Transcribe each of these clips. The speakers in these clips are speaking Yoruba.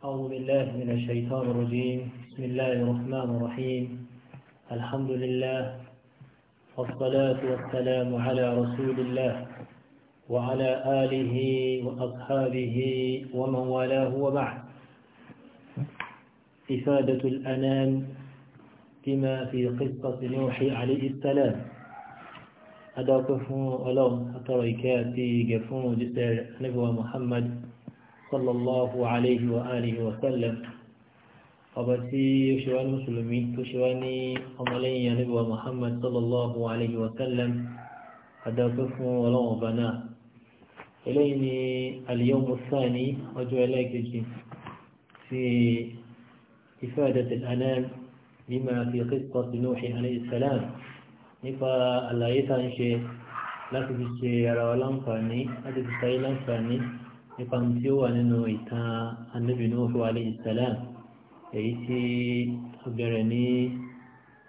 أعوذ بالله من الشيطان الرجيم بسم الله الرحمن الرحيم الحمد لله والصلاة والسلام على رسول الله وعلى آله وأصحابه ومن والاه وبعد إفادة الأنام بما في قصة نوح عليه السلام أدركه ألوم أتركاتي قفون جسر نبوة محمد sallallahu alayhi wa alihi wa sallam ọba tí ó ṣe wá ní mùsùlùmí tó ṣe wá ní ọmọlẹ́yìn anábíwá muhammad sallallahu alayhi wa sallam adáwọ̀pẹ́ fún ọlọ́wọ̀n ọba náà eléyìí ni al-yawmu thani ọjọ́ ẹlẹ́ẹ̀kejì ti ifadati al-anam bima fi qissati nuhi alayhi salam nípa àlàyé tá ń ṣe láti fi ṣe ara wa láǹfààní láti fi ṣayé láǹfààní nípa tí ó wà nínú ìtàn Ànábì Nuhu alayhi salam èyí tí ó bẹ̀rẹ̀ ní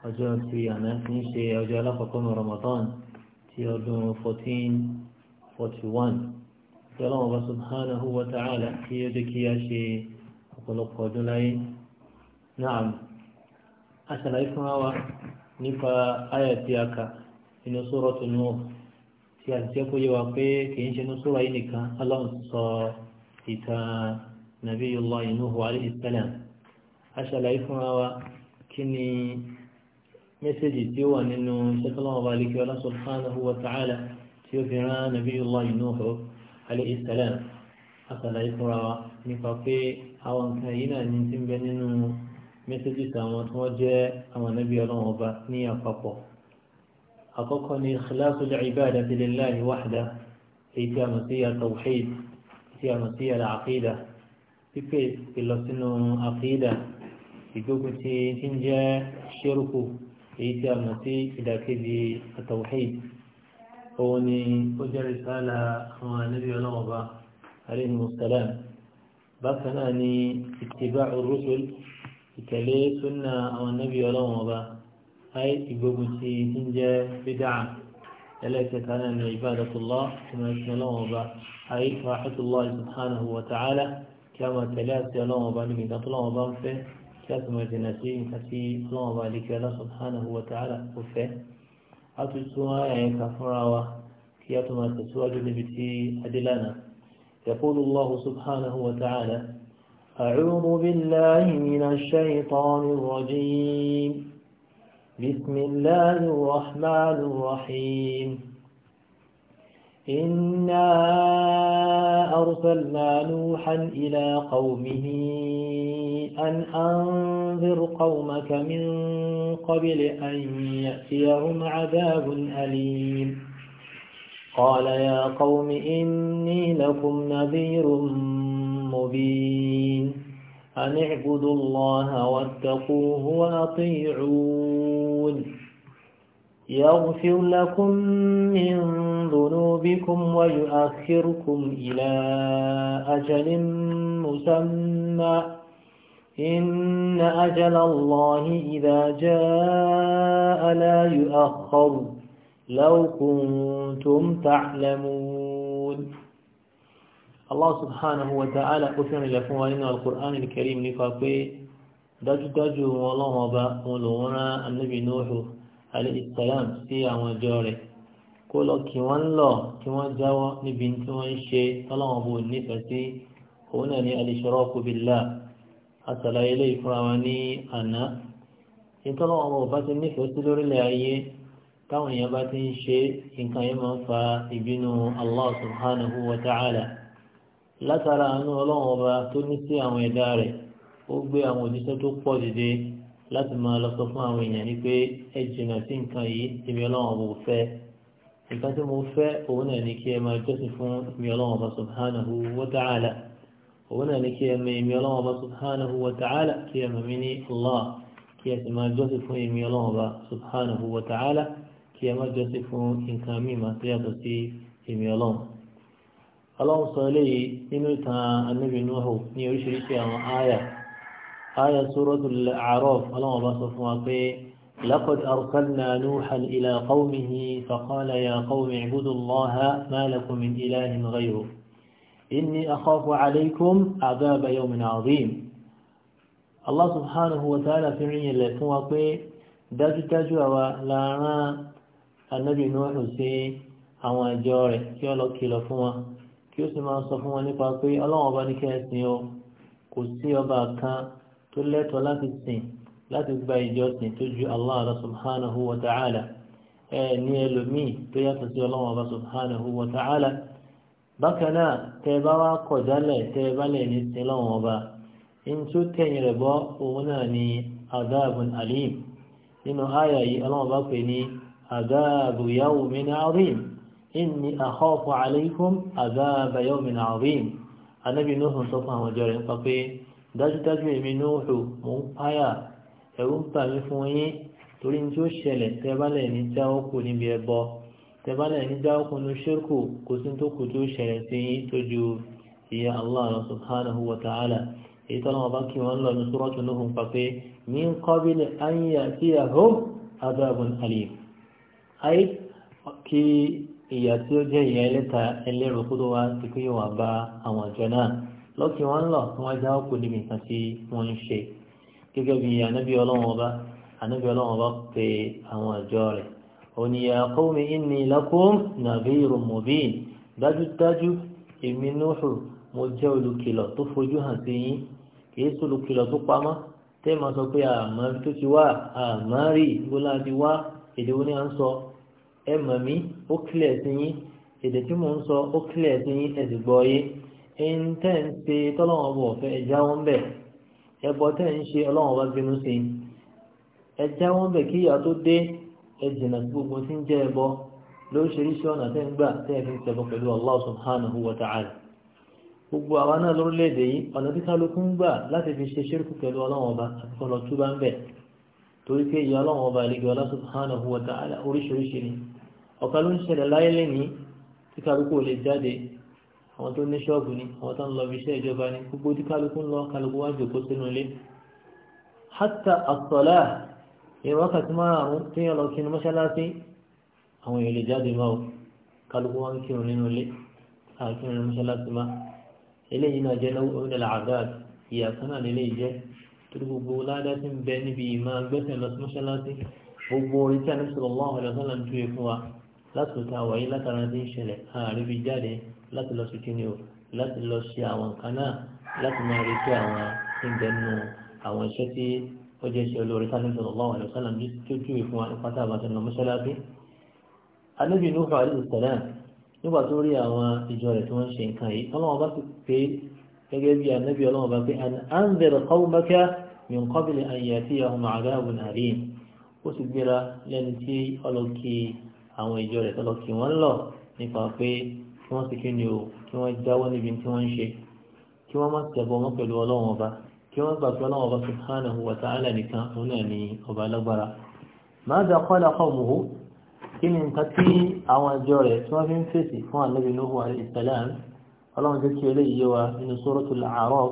ọjọ́ tí àná ti ń ṣe ọjọ́ alákọ̀ọ́kọ́ ní Ramadan ti ọdún 1441 tí ọlọ́wọ́ bá subhanahu wa ta'ala kí ó jẹ́ kí a ṣe ọ̀pọ̀lọpọ̀ ọdún láyé náà a ṣàlàyé fúnra wa nípa àyà tí a kà nínú Suratu Nuhu tí a ti jẹ́ kó yé wa pé kì í ṣe inú sóra yìí nìkan ọlọ́run sọ ìtàn Nabiyullah Nuhu alayhi salam a ṣàlàyé fúnra wa kí ni mẹ́sẹ̀gì tí ó wà nínú iṣẹ́ tọ́lọ́wọ́ bá lè kí ọlá subhanahu wa ta'ala tí ó fi rán Nabiyullah Nuhu alayhi salam a ṣàlàyé fúnra wa nípa pé àwọn nǹkan yìí náà ní ti ń bẹ nínú mẹ́sẹ̀gì tí àwọn wọ́n jẹ́ àwọn Nabi ọlọ́run ọba ní àpapọ̀ أقوكني إخلاص العبادة لله وحده هي فيها مسيح التوحيد فيها مسيح العقيدة في في لسنو عقيدة يقوكتي إنجا شركو هي فيها مسيح إذا كذي التوحيد هوني أجر رسالة هو نبي الله عليه السلام بكناني اتباع الرسل كليه سنة أو النبي الله ayé ìgbógun ti ń jẹ́ bídà ẹlẹ́kẹta náà ní ibadatullah ìmọ̀ ìsìn ọlọ́wọ́n ọba ayé rahmatullah subhanahu wa ta'ala kí a máa tẹ̀lé àti ọlọ́wọ́n ọba níbi ìgbà tó lọ́wọ́n ọba ń fẹ́ kí a sì máa jìnà sí nǹkan tí ọlọ́wọ́n ọba àdìkẹ́ Allah subhanahu wa ta'ala kò fẹ́ a tún tún àyẹ̀ká fúnra wa kí a tún máa tẹ̀síwájú níbi tí adélànà يقول الله سبحانه وتعالى أعوذ بالله من الشيطان الرجيم بسم الله الرحمن الرحيم إنا أرسلنا نوحا إلى قومه أن أنذر قومك من قبل أن يأتيهم عذاب أليم قال يا قوم إني لكم نذير مبين أن اعبدوا الله واتقوه وأطيعون يغفر لكم من ذنوبكم ويؤخركم إلى أجل مسمى إن أجل الله إذا جاء لا يؤخر لو كنتم تعلمون Allah subhanahu wa ta'ala ó fi rìnlẹ̀ fún wa nínú al-Qur'an al-Karim nípa pé dájúdájú wọn ọlọ́wọ́n ọba wọn lòun rán anábì Nuhu alayhi salam sí àwọn ìjọ rẹ̀ kó lọ kí wọ́n ń lọ kí wọ́n jáwọ́ níbi tí wọ́n ń ṣe ọlọ́wọ́n bò nífẹ̀ẹ́ sí òun náà ní al-ishraku àtàlàyé lè fúnra wa ní àná ìtọ́lọ́wọ́n ọba ọba ti nífẹ̀ẹ́ sí lórílẹ̀ ayé táwọn èèyàn bá ti ń ṣe nǹkan yẹn máa ń fa ìbínú Allah subhanahu wa ta'ala látara àánú ọlọ́run ọba tó ní sí àwọn ẹ̀dá rẹ̀ ó gbé àwọn òjíṣẹ́ tó pọ̀ dìde láti máa lọ sọ fún àwọn èèyàn ní pé ẹ jìnnà sí nǹkan yìí èmi ọlọ́run ọba ò fẹ́ nǹkan tí mo fẹ́ òun náà ní kí ẹ máa jọ́sìn fún èmi ọlọ́run ọba subhanahu wa ta'ala òun náà ní kí ẹ mọ èmi ọlọ́run ọba subhanahu wa ta'ala kí ẹ mọ̀ mí ní allah kí ẹ sì máa jọ́sìn fún èmi ọlọ́run ọba subhanahu wa ta'ala kí ẹ máa jọ́sìn fún nǹkan mímọ́ ọlọ́run sọ eléyìí nínú ìtàn anábì Nuhu ní oríṣiríṣi àwọn àyà àyà Suratul A'raf ọlọ́run bá sọ fún wa pé laqad arsalna Nuhan ila qawmihi faqala ya qawmi ibudu Allaha ma lakum min ilahin ghayruh inni akhafu alaykum adhaba yawmin adhim Allah subhanahu wa ta'ala fi rìn ilẹ̀ fún wa pé dájúdájú àwa láàárín anábì Nuhu sí àwọn àjọ rẹ̀ kí ó wa kí ó sì máa sọ fún wọn nípa pé ọlọ́run ọba ní kí ẹ sìn ọ kò sí ọba kan tó lẹ́tọ̀ọ́ láti sìn láti gba ìjọsìn tó ju Allah subhanahu wa ta'ala ẹ ní ẹlòmíì tó yàtọ̀ sí ọlọ́run ọba subhanahu wa ta'ala bákan náà tẹ bá wá kọ̀ jálẹ̀ tẹ bá lẹ̀ ní sin lọ́wọ́n ọba ntú tẹ̀yìn rẹ̀ bọ́ òun náà ní adabun alim nínú àyà ọlọ́run ọba pè ní adabu yawmin azim inni akhafu alaykum azaba yawmin azim anabi nuhu sọ fún àwọn ọjọ́ rẹ̀ nípa pé dájúdájú èmi nuhu mò ń páyà ẹ̀rù ń bà mí fún yín torí ní tí ó ṣẹlẹ̀ tẹ́bálẹ̀ ní jáwókù níbi ẹbọ tẹ́bálẹ̀ ní jáwókù ní ṣírkù kò sí tó kù tí ó ṣẹlẹ̀ sí yín tó ju ìyà Allah subhanahu wa ta'ala èyí tọ́lọ́wọ́ bá kí wọ́n lọ ní suratu nuhu nípa pé min qabli an ya'tiyahum azabun alim ay kí ìyà tí ó jẹ́ ìyà ẹlẹ́ta ẹlẹ́rọ kó tó wá ti pé yóò wá bá àwọn àjọ náà lọ́kì wọn lọ tí wọ́n já òkú níbi nǹkan tí wọ́n ń ṣe gẹ́gẹ́ bí ànábì ọlọ́wọ́n ọba ànábì ọlọ́wọ́n ọba pé àwọn àjọ rẹ̀ òní ya qawmi inni lakum nadhirun dájúdájú èmi Nuhu mo jẹ́ olùkìlọ̀ tó fojú hàn sí yín kì sọ olùkìlọ̀ tó pamọ́ tẹ́ẹ̀ máa sọ pé àmọ́ tó ti wá àmọ́ rí gbọ́lá ẹ mọ̀ mí ó kílẹ̀ sí yín èdè tí mò ń sọ ó kílẹ̀ sí yín ẹ sì gbọ́ yé ẹni tẹ́ ń ṣe tọ́lọ́wọ́n bọ̀ fẹ́ ẹ jáwọ́ ń bẹ̀ ẹbọ tẹ́ ń ṣe ọlọ́wọ́n bá bínú sí i ẹ jáwọ́ ń bẹ̀ kí ìyá tó dé ẹ jìnnà gbogbo tí ń jẹ́ ẹbọ lóríṣiríṣi ọ̀nà tẹ́ ń gbà tẹ́ ẹ fi ń ṣẹbọ pẹ̀lú Allah subhanahu wa ta'ala gbogbo àwa náà lórílẹ̀ torí pé ìyá ọlọ́run ọba àlejò Allah subhanahu wa ta'ala oríṣiríṣi ni ọ̀ka ló ń ṣẹlẹ̀ láyé lẹ́yìn tí kálukú ò lè jáde àwọn tó ní ṣọ́ọ̀bù ni àwọn tó ń lọ ibiṣẹ́ ìjọba ni gbogbo tí kálukú ń lọ kálukú wá jòkó sínú ilé hatta àtọ̀lá ìrọ̀ wákàtí márùn-ún tí yàn lọ kí ni mọ́ṣáláṣí àwọn èèyàn lè jáde máa kálukú wá ń kírun nínú ilé àkírun mọ́ṣáláṣí má eléyìí náà jẹ́ lọ́wọ́ torí gbogbo ládá tí ń bẹ níbi ìmọ̀ gbẹ́sẹ̀ lọ sí mọ́ṣáláṣí gbogbo orí tí a ní sọ̀rọ̀ lọ́wọ́ ọ̀rẹ́ sọ́lá ń túye fún wa láti lọ́ta wáyé látara tí ń ṣẹlẹ̀ ààrẹ fi jáde láti lọ sí kíni o láti lọ ṣe àwọn nǹkan náà láti máa retí àwọn tí ń bẹ nínú àwọn iṣẹ́ tí ó jẹ́ ṣe olórí tí a ní sọ̀rọ̀ lọ́wọ́ ọ̀rẹ́ sọ́lá ń túye fún wa nípa tá a bá ti lọ mọ́ṣáláṣí. anábì nuhu alayhi salam nígbà tó rí àwọn ìjọ rẹ̀ tí wọ́n ń ṣe nǹkan yìí ọlọ́wọ́n bá ti pé gẹ́gẹ́ bí anábì ọlọ́run bá pé anzir qawmaka min qabli an yatiyahum adhabun alim ó sì gbéra lẹ́ni tí ọlọ́kì àwọn ìjọ rẹ̀ tọ́lọ́kì wọ́n lọ nípa pé kí wọ́n sì kí ni o kí wọ́n jáwọ́ níbi tí wọ́n ń ṣe kí wọ́n má tẹ̀bọ̀ mọ́ pẹ̀lú ọlọ́run ọba kí wọ́n gbà pé ọlọ́run ọba subhanahu wa ta'ala nìkan òun náà ni ọba lágbára máa dà kọ́lá qawmuhu kí ni nǹkan tí àwọn ìjọ rẹ̀ tí wọ́n fi ń fèsì fún ànábì Nuhu alayhi salam ọlọ́run جل kí eléyìí yé wa nínú suratul A'raf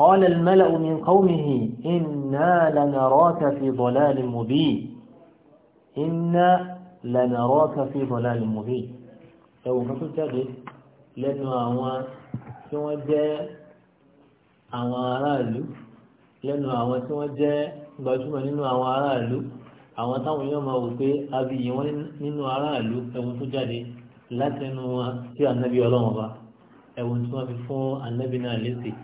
qala al-mala'u min qawmihi inna lanaraka fi dalalin في inna مبين fi dalalin mubin ẹ̀wọ̀n kan tó jáde lẹ́nu àwọn tí wọ́n jẹ́ àwọn aráàlú lẹ́nu àwọn tí wọ́n jẹ́ gbajúmọ̀ nínú àwọn aráàlú àwọn táwọn èèyàn máa wò pé abiyì wọn nínú aráàlú ẹ̀wọ̀n tó jáde látẹnu wọn sí ànábì ọlọ́run ọba ẹ̀wọ̀n tí wọ́n fi fọ́ anábì náà lẹ́sẹ̀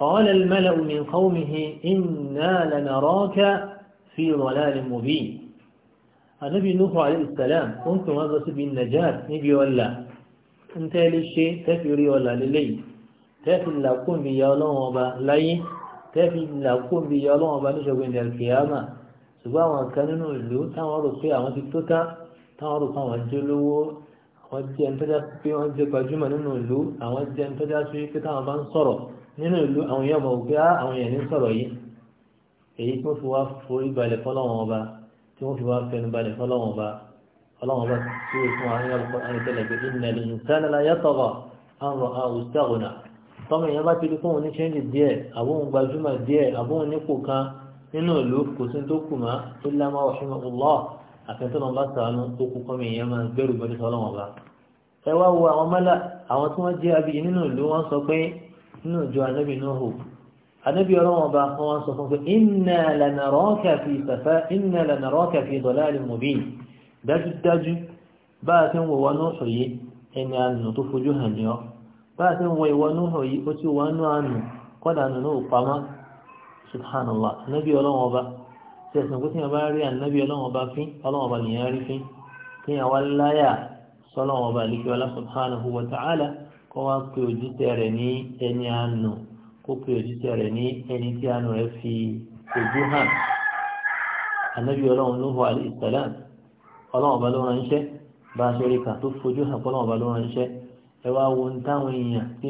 qala al-mala'u min qawmihi inna lanaraka fi dalalin mubin anábì Nuhu alayhi salam ó ń pè wọ́n lọ síbi najat níbi ọ̀la ń tẹ́lẹ̀ ṣe tẹ́fì rí ọ̀la lélẹ́yìí tẹ́fì làkúnbi ya ọlọ́run ọba láyé tẹ́fì làkúnbi ya ọlọ́run ọba níṣẹ́gun ìdàkìyàmà ṣùgbọ́n àwọn kan nínú wọ́n jẹ́ ẹni tó já sí pé wọ́n jẹ́ gbajúmọ̀ nínú ìlú àwọn jẹ́ ẹni tó já sí pé táwọn bá ń sọ̀rọ̀ nínú ìlú àwọn èèyàn mọ̀ pé àwọn èèyàn ní sọ̀rọ̀ yìí èyí tó fi wá forí balẹ̀ fọlọ́wọ́n ọba tí wọ́n fi wá fẹnu balẹ̀ fọlọ́wọ́n ọba fọlọ́wọ́n ọba tí ó fún àwọn ẹ̀kọ́ àyẹ̀tẹ̀lẹ̀ pé ìnàlẹ̀ ìsánilá yàtọ̀rọ̀ àrùn àwùsítàgùnà tọ́mọ ní ṣẹ́ńdì díẹ̀ àbóhun kan nínú ìlú kò sí tó kù mọ́ ó lámà àfẹ́ntọ́nà bá sàánú tó kú kọ́mi èèyàn máa gbẹ́rù gbẹ́rù sọ́lọ́wọ́n bá ẹ wá wo àwọn mọ́lá àwọn tí wọ́n jẹ́ abiyì nínú ìlú wọ́n sọ pé nínú ìjọ anábì náà hù anábì ọlọ́wọ́n bá wọ́n sọ fún pé iná lànàrọ́ọ̀kà fi dọ̀láàlì mọ̀bí dájúdájú bá a ti ń wọ wọnú òye ẹni àánú tó fojú hàn ní ọ bá a ti ń wọ ìwọnú òye ó ti wọnú àánú kọ́dà nínú òpamọ́ subhanallah anábì ọlọ́wọ́n bá sẹ̀sìn pé tí wọ́n bá rí ànábì ọlọ́wọ́n bá fín ọlọ́wọ́n bá nìyẹn rí fín tí wọ́n wá láyà sọlọ́wọ́n bá líkẹ́ ọlá subhanahu wa ta'ala kó wá pé òjíṣẹ́ rẹ̀ ní ẹni àánú kó pé òjíṣẹ́ rẹ̀ ní ẹni tí àánú rẹ̀ fi ojú hàn ànábì ọlọ́wọ́n ló wà alayhi salam ọlọ́wọ́n bá ló ránṣẹ́ bá a ṣe rí kà tó fojú hàn ọlọ́wọ́n bá ló ránṣẹ́ ẹ wá wo táwọn èèyàn tí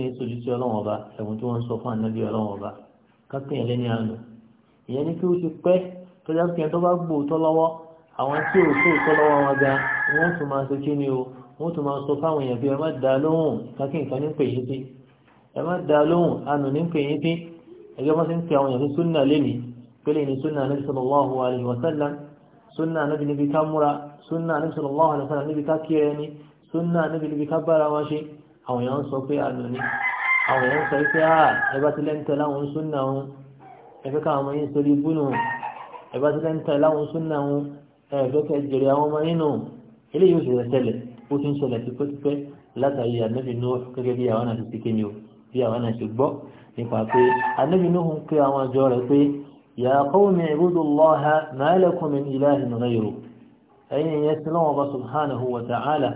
ń tó jẹ́ pé tó bá gbòótọ́ lọ́wọ́ àwọn tí ò tó tọ́ lọ́wọ́ wọn ga wọ́n tún máa ṣe kí ni o wọ́n tún máa sọ fáwọn èèyàn bí ẹ má dá lóhùn ìkàkí nǹkan ní pè sí ẹ má dá lóhùn anù ní pè sí ẹgbẹ́ wọn ti ń pe àwọn èèyàn ní súnà lẹ́nìí pélé ní súnà Nabi sallallahu alaihi wasallam súnà Nabi níbi ká múra súnà Nabi sallallahu alaihi wasallam níbi ká kíra ẹni súnà Nabi níbi ká bára wọn ṣe àwọn èèyàn sọ pé anù ni àwọn èèyàn sọ pé ẹ bá ti lẹ́ńtẹ̀ láwọn súnà wọn ẹ fẹ́ káwọn ọmọ yín sọ ẹ̀bá ti lẹ́ńtà láwọn súnà wọn ẹ̀ẹ́dọ́kẹ́ jèrè àwọn ọmọ nínú eléyìí ó sì rẹ̀ tẹ́lẹ̀ ó ti ń ṣẹlẹ̀ tipẹ́tipẹ́ látàrí ànábì Nuh gẹ́gẹ́ bí àwọn àti ti kéde o bí àwọn àti gbọ́ nípa pé ànábì Nuh ń pe àwọn àjọ rẹ̀ pé ya qawmi ibudullaha ma lakum min ilahin ghayru ẹ̀yin ìyẹn sí lọ́wọ́ ọba subhanahu wa ta'ala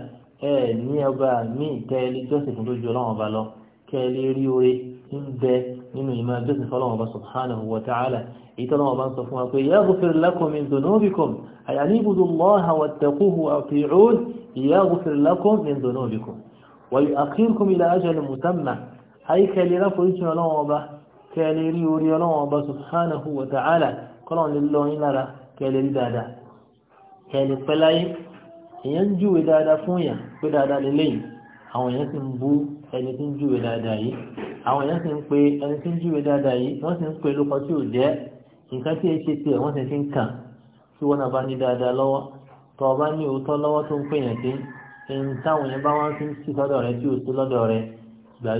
ẹ̀ ní ọba mi kẹ́ẹ̀lì jọ́sìn tó jù lọ́wọ́ ọba lọ kẹ́ẹ̀lì rí orí ń bẹ́ẹ̀ nínú ìmọ̀ jẹ́sìn fọ́lọ́wọ́ bá subhanahu wa ta'ala ìtọ́lọ́wọ́ bá ń sọ fún wa pé yaghfir lakum min dhunubikum ay an ibudu allaha wattaquhu wa ati'un yaghfir lakum min dhunubikum wa yu'akhirukum ila ajalin musamma ay kẹlẹ́rẹ́ foríṣin ọlọ́wọ́ bá kẹlẹ́rí orí ọlọ́wọ́ bá subhanahu wa ta'ala kọ́lọ̀ nílò yín lára kẹlẹ́rí dáadáa ẹni tí ń júwe dáadáa yìí àwọn èèyàn sì ń pe ẹni tí ń júwe dáadáa yìí wọ́n sì ń pe lóko tí ò jẹ́ nǹkan tí èṣe tiẹ̀ wọ́n sì ń kàn tí wọ́n náà bá ní dáadáa lọ́wọ́ tó o bá ní òótọ́ lọ́wọ́ tó ń pè yàn sí ẹni táwọn yẹn bá lọ́dọ̀ rẹ tí ò sí lọ́dọ̀ rẹ gbà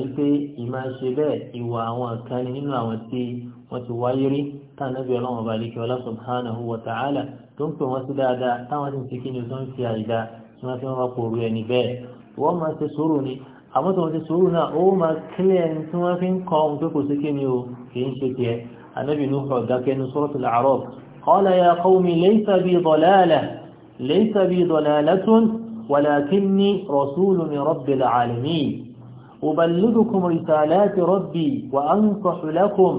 ìmọ̀ ṣe bẹ́ẹ̀ ìwà àwọn ni nínú àwọn tí wọ́n ti wáyé rí ọlọ́run ọba ọlá subhanahu wa ta'ala tó ń pè wọ́n sí dáadáa táwọn sì ń fi kí ni tó ń àmọ́ tó wọ́n ti sùúrù náà ó máa kílẹ̀ ẹni tí wọ́n fi ń kọ́ ohun tó kò sí kí ni o kì í ṣe tiẹ̀ anábì Nuh dákẹ́nu suratul A'raf qala ya qawmi laysa bi dalalah laysa bi dalalatun walakinni rasulun min rabbil alamin أبلغكم رسالات ربي وأنصح لكم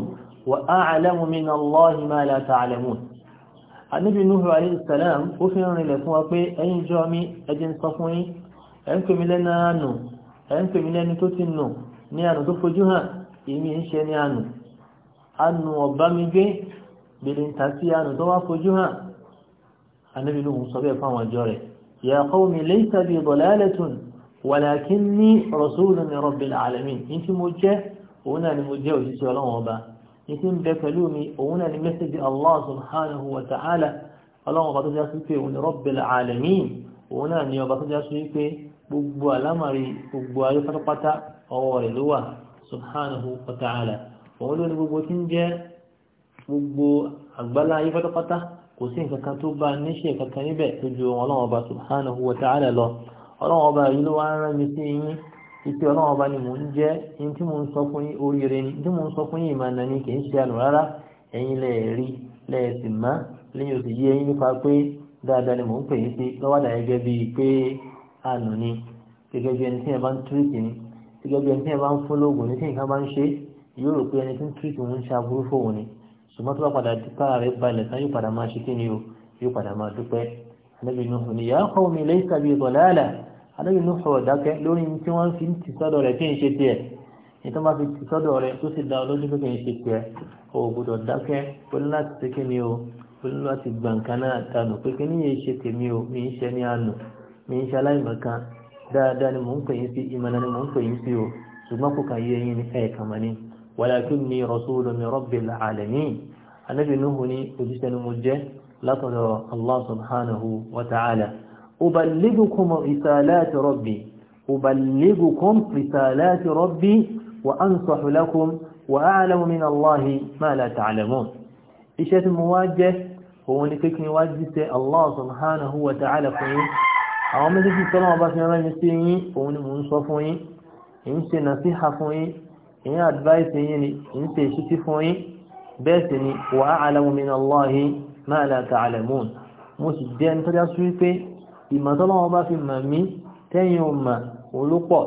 وأعلم ẹ̀ ń pèmí lẹ́ni tó ti nù ní ànù tó fojú hàn èmi ń ṣe ní ànù ànù ọ̀bá mi gbé bèèrè ń ta sí ànù tó wá fojú hàn anábì ló ń sọ bẹ́ẹ̀ fáwọn ọjọ́ rẹ̀ ya qawmi laysa bi dalalatun walakinni rasulun min rabbil alamin ní tí mo jẹ́ mi òun náà gbogbo àlámàrí gbogbo ayé pátápátá ọwọ́ rẹ̀ ló wà subhanahu wa ta'ala òun ló ní gbogbo tí ń jẹ́ gbogbo àgbálá ayé pátápátá kò sí nǹkan kan tó bá níṣẹ́ kankan níbẹ̀ tó ju ọlọ́wọ́ subhanahu wa ta'ala lọ ọlọ́wọ́ yìí ló wá ń rán mi sí yín ìpè ọlọ́wọ́ ni mò ń jẹ́ ní tí mò ń sọ fún yín oríire ni tí mò ń sọ fún yín ìmọ̀ nàní kì í ṣe àlù rárá ẹ̀yin lẹ̀ rí lẹ̀ má lẹ́yìn òsì yí ẹ̀yin nípa pé dáadáa ni mò ń pè yín sí lọ́wọ́dà gẹ́gẹ́ bíi pé àánú ni gẹ́gẹ́ bí ẹni tí ẹ bá ń túrìkì ni gẹ́gẹ́ bí ẹni tí ẹ bá ń fún lóògùn ní tí nǹkan bá ń ṣe yóò rò pé ẹni tí ń túrìkì ń ṣe aburú fóun ni ṣùgbọ́n tó bá padà kára rẹ̀ balẹ̀ tán yóò padà máa ṣe kí ni o yóò padà máa dúpẹ́ anábì Nuhu ni ya qawmi laysa bi dalala anábì Nuhu ọ̀dákẹ́ lórí tí wọ́n fi ń ti sọ́dọ̀ rẹ̀ tí ń ṣe tiẹ̀ ní tó bá fi ti sọ́dọ̀ rẹ̀ tó sì da olójú pé kì í ṣe tiẹ̀ o gbọ́dọ̀ dákẹ́ pẹ̀lú láti ṣe kí ni o pẹ̀lú láti gbàǹkan náà dànù pé kí ni yẹn ṣe tèmi o mi ń ṣe ní àná mi ń ṣaláì mọ̀kan dáadáa ni mò ń pè yín sí ìmọ̀nà ni mò ń pè yín sí o ṣùgbọ́n kò kà yé yín ní ẹ̀ẹ̀kan mọ́ ni walakinni rasulun min rabbil alamin anábì Nuhu ní òjíṣẹ́ ni mo jẹ́ látọ̀dọ̀ Allah subhanahu wa ta'ala uballighukum risalati rabbi uballighukum risalati rabbi wa ansahu wa a'lamu min Allah ma la iṣẹ́ tí mo wá jẹ́ òun ni kékin wá jíṣẹ́ Allah subhanahu wa ta'ala fún yín àwọn méjèèjì tọ́lọ́ wọn bá fi rán mi sí yín òun ni mò ń sọ fún yín ń ṣe nàṣíhà fún yín ń advice yín ni èyí ń ṣe ìṣítí fún yín bẹ́ẹ̀ sì ni wa a'lamu minallahi ma la ta'lamun mo sì jẹ́ ẹni tọ́já sí wípé ìmọ̀ tọ́lọ́ wọn bá fi mọ̀ mí tẹ́yìn ò mọ̀ olúpọ̀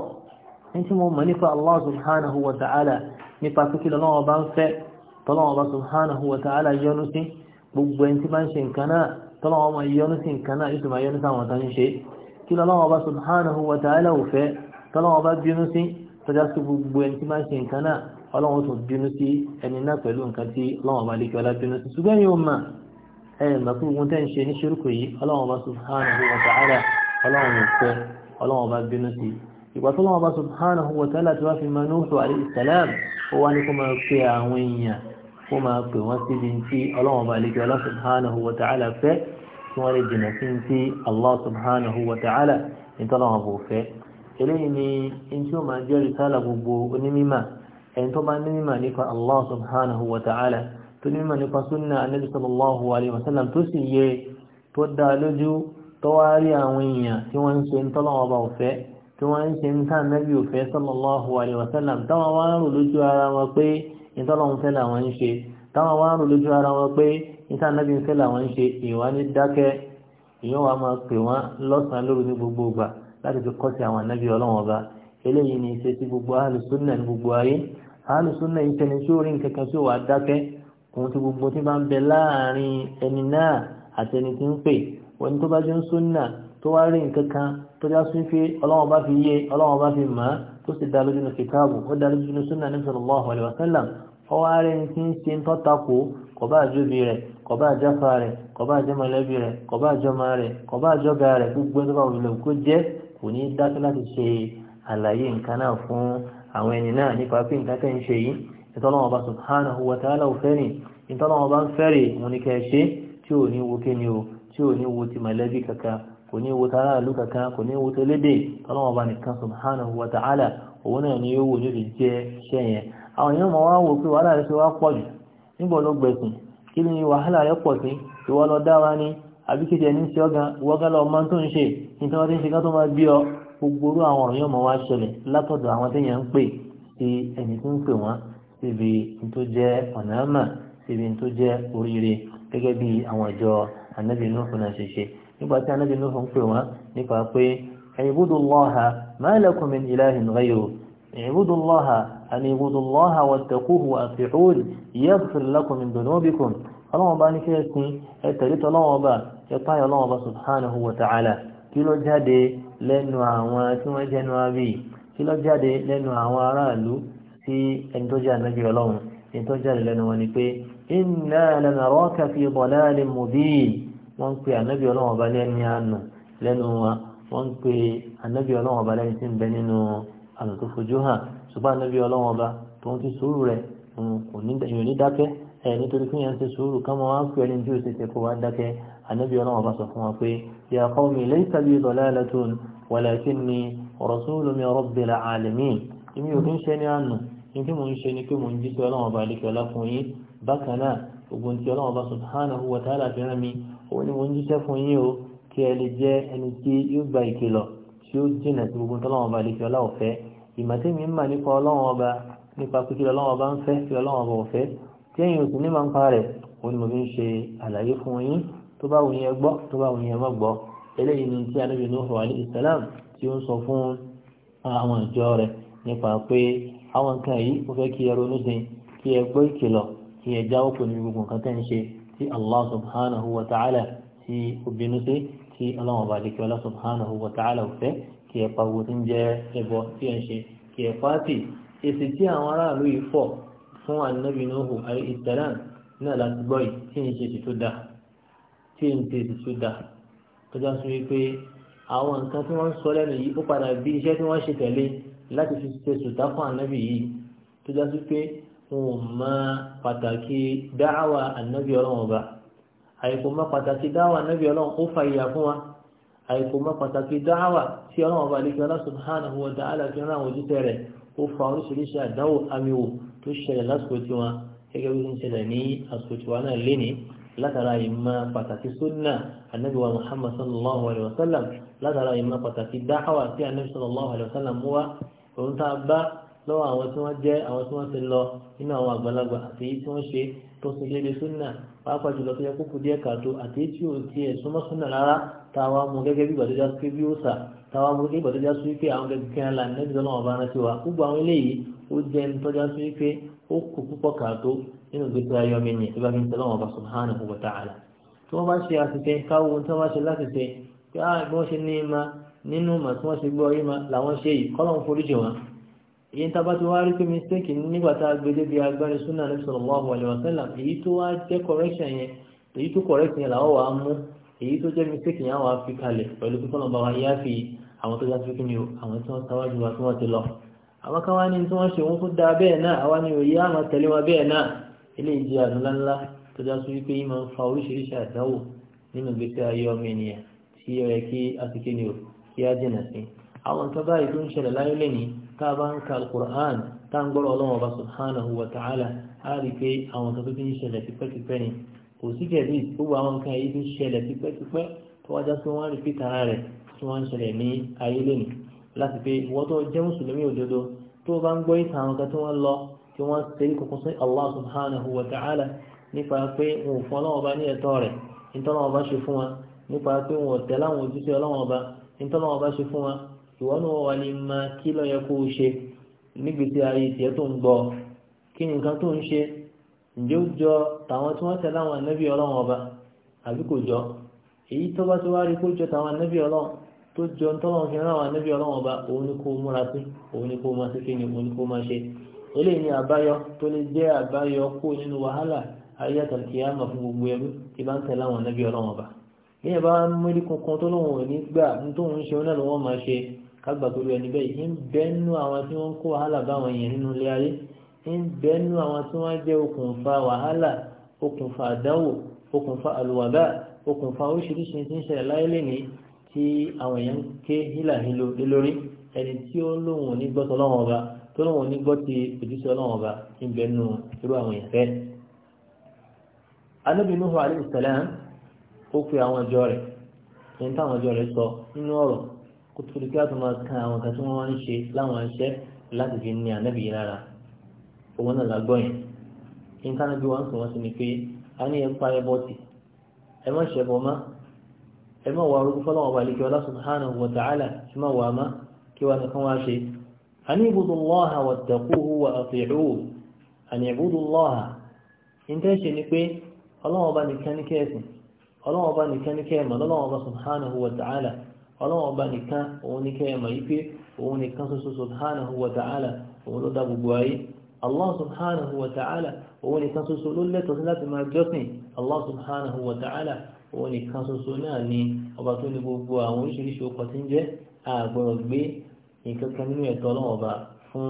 ẹni tí mo mọ̀ nípa Allah subhanahu wa ta'ala nípa kíkí lọ́wọ́ bá ń fẹ́ tọ́lọ́wọ́ bá subhanahu wa ta'ala yọ́nú sí gbogbo ẹni tí bá ń ṣe nǹkan náà tọ́lọ́wọ́ máa yọ́nú sí nǹkan náà yóò sì máa yọ́nú sáwọn tán ń ṣe kí lọ́lọ́wọ́ bá subhanahu wa ta'ala òfẹ́ tọ́lọ́wọ́ bá bínú sí tọ́já sí gbogbo ẹni tí máa ń ṣe nǹkan náà ọlọ́wọ́ tó bínú sí ẹni náà pẹ̀lú nǹkan tí ọlọ́wọ́ bá lè kí ọlá bínú sí ṣùgbọ́n yóò mà ẹ̀ màkúgbogbo tẹ́ ń ṣe ní ṣirku yìí ọlọ́wọ́ bá subhanahu wa ta'ala ọlọ́wọ́ fẹ́ ọlọ́wọ́ bá bínú sí ìgbà tó lọ́wọ́ bá kí wọ́n lè jìnà sí ti Allah subhanahu wa ta'ala nítọ́lọ́wọ́n bò fẹ́ eléyìí ni in tí ó máa jẹ́ rìsálà gbogbo onímímà ẹni tó bá nímímà nípa Allah subhanahu wa ta'ala tó nímímà nípa súnà anábì sallallahu alayhi wa sallam tó sì yẹ tó dá lójú tó wá rí àwọn èèyàn tí wọ́n ń ṣe nítọ́lọ́wọ́n bá òfẹ́ tí wọ́n ń ṣe nítà anábì òfẹ́ sallallahu wa sallam ara wọn pé nítọ́lọ́wọ́n fẹ́ làwọn ń ṣe táwọn wá ń rò lójú ara wọn pé níta nábì ń fẹ́ làwọn ń ṣe ìwà ní dákẹ́ ìyẹn wàá máa pè wọ́n lọ́sàn-án lóru ní gbogbo ìgbà láti fi kọ́ sí àwọn ànábì ọlọ́wọ́n ọba eléyìí ni ìṣe tí gbogbo alùsùnà ní gbogbo ayé alùsùnà yìí tẹni tí ó rí nǹkan kan tí ó wàá dákẹ́ òun ti gbogbo tí máa ń bẹ láàrin ẹni náà àti ẹni tí ń pè wọ́n tó bá jẹ́ ń sùnà tó wá rí nǹkan kan tó já sí pé ọlọ́wọ́n bá fi yé ọlọ́wọ́n bá fi mọ̀ ọ́ tó sì dá lójú ní kìtáàbù ó dá lójú ní sùnà ní sallallahu alaihi wasallam ọwọ́ ara tí ń ṣe ń tọ́ta kó kọ̀ bá àjọbí rẹ̀ kọba àjọfà rẹ̀ kọba àjọmọlẹ́bí rẹ̀ kọba àjọmọ rẹ̀ kọba àjọgà rẹ̀ gbogbo ẹni tó bá wùlẹ̀ kó jẹ́ kò ní dákẹ́ láti ṣe àlàyé nǹkan náà fún àwọn ẹni náà nípa pé nǹkan tẹ́ ń ṣe yìí ìtọ́lọ́wọ́ bá subhanahu wa ta'ala òfẹ́rì ìtọ́lọ́wọ́ bá ń fẹ́rì wọn ni kẹ́ ṣe tí ò ní wo kíni o tí ò ní wo ti mọ̀lẹ́bí kankan kò ní wo tara ìlú kankan kò ní wo tẹ́lédè ìtọ́lọ́wọ́ bá nìkan subhanahu wa ta'ala òun náà ni yóò wò ní òfin ṣẹ́yẹn àwọn èèyàn mọ̀ wá wò pé wàhálà rẹ̀ ṣe wá pọ̀ jù níbo ló gbẹ̀sìn kí ni wàhálà rẹ̀ pọ̀ sí ìwọ lọ dá wa ní àbí kí tẹ̀ ní sí ọ̀gán ìwọ́gán lọ máa tó ń ṣe nítorí wọ́n ti ń ṣe ká tó máa bí ọ gbogbo orú àwọn ọ̀rọ̀ yóò mọ̀ wá ṣẹlẹ̀ látọ̀dọ̀ àwọn téèyàn ń pè sí ẹni tó ń pè wọ́n síbi tó اعبدوا الله أن اعبدوا الله واتقوه وأطيعون يغفر لكم من ذنوبكم ọlọ́wọ́n bá ní kí ẹ̀sìn ẹ̀tẹ̀lẹ́tọ̀ ọlọ́wọ́n bá ẹ̀páyọ̀ ọlọ́wọ́n bá subhanahu wa ta'ala kí ló jáde lẹ́nu àwọn tí wọ́n jẹ́nu àbí kí ló jáde lẹ́nu àwọn aráàlú sí ẹni tó jẹ́ ànábì ọlọ́run ẹni tó jáde lẹ́nu wọn ni pé inna lanaraka fi dalalin mubin wọ́n pe ànábì ọlọ́wọ́n bá lẹ́ni àánú lẹ́nu wọn wọ́n pe ànábì ọlọ́wọ́n bá lẹ́ni tí ń bẹ àmì tó fojú hàn ṣùgbọ́n níbi ọlọ́wọ́n ọba tó ń ti sùúrù rẹ̀ mm, kò ní ìyọ̀ ní dákẹ́ ẹ̀ nítorí fún yẹn ń ṣe sùúrù ká máa ń pè ní ju ìṣẹ̀ṣẹ̀ kó wá dákẹ́ ànábì ọlọ́wọ́n ọba sọ fún wa pé ya qawmi laysa bi dalalatun walakinni rasulun min rabbil alamin èmi ò ń ṣe ní àná ní mò ń ṣe ni pé mò ń jí sí ọlọ́wọ́n ọba àlekẹ́ ọlá yín bákan náà ogun tí ọlọ́wọ́n ọba subhanahu wa fi rán mi òun ni mò ń jíṣẹ́ fún yín o kí ẹ lè jẹ́ ẹni tí yóò gba ìkìlọ̀ tí ó jìnà sí gbogbo tọ́lọ́wọ́n ọba lẹ́fẹ́ ọlá ọ̀fẹ́ ìmọ̀tẹ́mi ń mà nípa ọlọ́wọ́n ọba nípa pé kí ọlọ́wọ́n ọba ń fẹ́ kí ọlọ́wọ́n ọba ọ̀fẹ́ tí ẹ̀yin òsì ní máa ń pa rẹ̀ ó ní mo fi ń ṣe àlàyé fún yín tó bá wù yín gbọ́ tó bá wù yín má gbọ́ eléyìí ni tí anábì Nuhu alayhi salam tí ó ń sọ fún àwọn ìjọ rẹ̀ nípa pé àwọn nǹkan yìí ó fẹ́ kí kí ọlọ́run ọba àdékẹ́ ọlá subhanahu wa ta'ala òfẹ́ kí ẹ̀pà owó tí ń jẹ́ ẹbọ tí ẹ̀ ń ṣe kí ẹ̀pà tì èsì tí àwọn aráàlú yìí fọ̀ fún ànábì Nuhu alayhi salam náà láti gbọ́ yìí tí ń ṣe èsì tó dáa tí ń ṣe èsì tó dáa tó já sí wípé àwọn nǹkan tí wọ́n sọ lẹ́nu yìí ó padà bí iṣẹ́ tí wọ́n ṣe tẹ̀lé láti fi ṣe sùtá fún ànábì yìí tó já sí pé wọn ò mọ pàtàkì dáhàwá ànábì ọlọ́run ọba àìkò mọ́ pàtàkì dáwà náà bí ọlọ́run ó fa ìyà fún wa àìkò mọ́ pàtàkì dáwà tí ọlọ́run ọba àlejò Allah subhanahu wa ta'ala fi rán àwọn ojútẹ rẹ̀ ó fa oríṣiríṣi àdánwò àmìwò tó ṣẹlẹ̀ lásìkò tiwọn gẹ́gẹ́ bí ó ń ṣẹlẹ̀ ní àsìkò tiwọn náà lénìí látara ìmọ̀ pàtàkì sunna anabi muhammad sallallahu alayhi wa sallam látara ìmọ̀ pàtàkì dáhàwà tí tó sì léde súnà pàápàá jùlọ tó yẹ kó kù díẹ̀ kàtó àti tí ò ti ẹ̀ súnmọ́ súnà rárá táwa mú gẹ́gẹ́ bí ìgbàdójá sí bí ó sà táwa mú gẹ́gẹ́ ìgbàdójá sí pé àwọn gẹ́gẹ́ ńlá nẹ́bí lọ́nà ọba rántí wa gbogbo àwọn eléyìí ó jẹ́ ń tọ́já sí pé ó kù púpọ̀ kàtó nínú gbèsè ayé ọmọ ènìyàn tó bá tẹ́lọ́ ọba subhanahu wa ta'ala tí wọ́n bá ṣe àṣìṣe káwọn ohun tí wọ́n bá ṣe láti ṣe ah, bí wọ́n ṣe ní ma nínú mà tí wọ́n ṣe gbọ́ yé ma làwọn ṣe yìí kọ́lọ́n èyí tá a bá ti wá rí pé mistake nígbà tá a gbede bí agbára súnà ní sallallahu alaihi wasallam èyí tó wá jẹ́ correction yẹn èyí tó correction yẹn làwọn wà á mú èyí tó jẹ́ mistake yẹn àwọn afi kalẹ̀ pẹ̀lú pípọ́n ọba wa yá fi àwọn tó já sí kíni o àwọn tí wọ́n sáwájú wa tí wọ́n ti lọ. àwọn kan wá ní tí wọ́n ṣe òun tó dáa bẹ́ẹ̀ náà àwa ni òye àwọn tẹ̀lé wa bẹ́ẹ̀ náà ilé ìjì àdúláńlá tó já sí wípé yín máa ń fa oríṣiríṣi àdáwò tá a bá ń ka alukur'an tá ń gbọ́rọ̀ ọlọ́wọ́n bá subhanahu wa ta'ala á rí i pé àwọn kan tó fi ń ṣẹlẹ̀ tipẹ́tipẹ́ ni kò sí kẹ̀lí gbogbo àwọn nǹkan yìí fi ń ṣẹlẹ̀ tipẹ́tipẹ́ tó wájá pé wọ́n rí pété ara rẹ̀ tí wọ́n ń ṣẹlẹ̀ ní ayé lónìí láti pé ìwọ́n tó jẹ́ mùsùlùmí òdodo tó bá ń gbọ́ ìtàn àwọn kan tí wọ́n lọ tí wọ́n ṣe é kókó sí Allah subhanahu wa ta'ala nípa pé wọn ò fún ìwọ náà wà ní ma kí ló yẹ kó o ṣe nígbèsè ayé tiẹ̀ tó ń gbọ́ kí ni nǹkan tó ń ṣe ǹjẹ́ ó jọ tàwọn tí wọ́n tẹ̀lé àwọn ànábì ọlọ́run ọba àbí kò jọ èyí tó bá ti wá rí kó jọ tàwọn ànábì ọlọ́run tó jọ tọ́lọ́run fi rán àwọn ànábì ọlọ́run ọba òun ni kó múra sí òun ni kó máa ṣe kí ni òun ni kó máa ṣe eléyìí ni àbáyọ tó lè jẹ́ àbáyọ kó nínú wàhálà ayé àtàkìyàmà fún gbogbo ẹrú tí bá ń tẹ̀lé àwọn ànábì ọlọ́run ọba bí ẹ bá ń mérí kankan tó lóun ò ní gbà tó ń ṣe ọ náà lọ́wọ́ máa ṣe kágbà pẹ̀lú ẹni bẹ́ẹ̀ ń bẹ́nu àwọn tí wọ́n ń kó wàhálà báwọn yẹn nínú ilé ayé ń bẹ́nu àwọn tí wọ́n jẹ́ okùnfà wàhálà okùnfà àdánwò okùnfà àlùwàdà okùnfà oríṣiríṣi tí ń ṣẹlẹ̀ láyé lẹ́nìí tí àwọn èèyàn ń ké hílàhílo lórí ẹni tí ó lóun ní gbọ́ tọ́lọ́wọ́n ọba tó lóun ní gbọ́ ti òjíṣẹ́ ọlọ́wọ́n ọba ń bẹ́nu irú àwọn èèyàn fẹ́. Ànábì Nuhu alayhi salam ó pe àwọn ọjọ́ rẹ̀ ní táwọn ọjọ́ rẹ̀ sọ nínú ọ̀rọ̀ kó tó di pé àti máa kan àwọn kan tí wọ́n máa ń ṣe láwọn iṣẹ́ láti fi ní ànábì yìí lára òun náà la gbọ́ yẹn nǹkan náà bí wọ́n ń sọ wọ́n sí ni pé a ní ẹ̀ ń pa ẹbọ ẹ má ṣẹbọ má ẹ má wà orúkú fọlọ́wọ́n wà lẹ́kẹ́ ọlá subhanahu wa ta'ala ṣe má wà má kí wà nìkan wá ṣe a ní ibudu Allaha wattaquhu wa ati'uhu a ní ọlọ́wọ́n ọba nìkan òun ní kẹ́yẹ mọ̀ yí pé òun nìkan ṣoṣo subhanahu wa ta'ala òun ló dá gbogbo ayé allah subhanahu wa ta'ala òun nìkan ṣoṣo ló lẹ́tọ̀ọ́ sí láti máa jọ́sìn allah subhanahu wa ta'ala òun nìkan ṣoṣo náà ni ọba tó ní gbogbo àwọn oríṣiríṣi ọkọ̀ tí ń jẹ́ àgbọ̀rọ̀ gbé nǹkan kan nínú ẹ̀tọ́ ọlọ́wọ́n ọba fún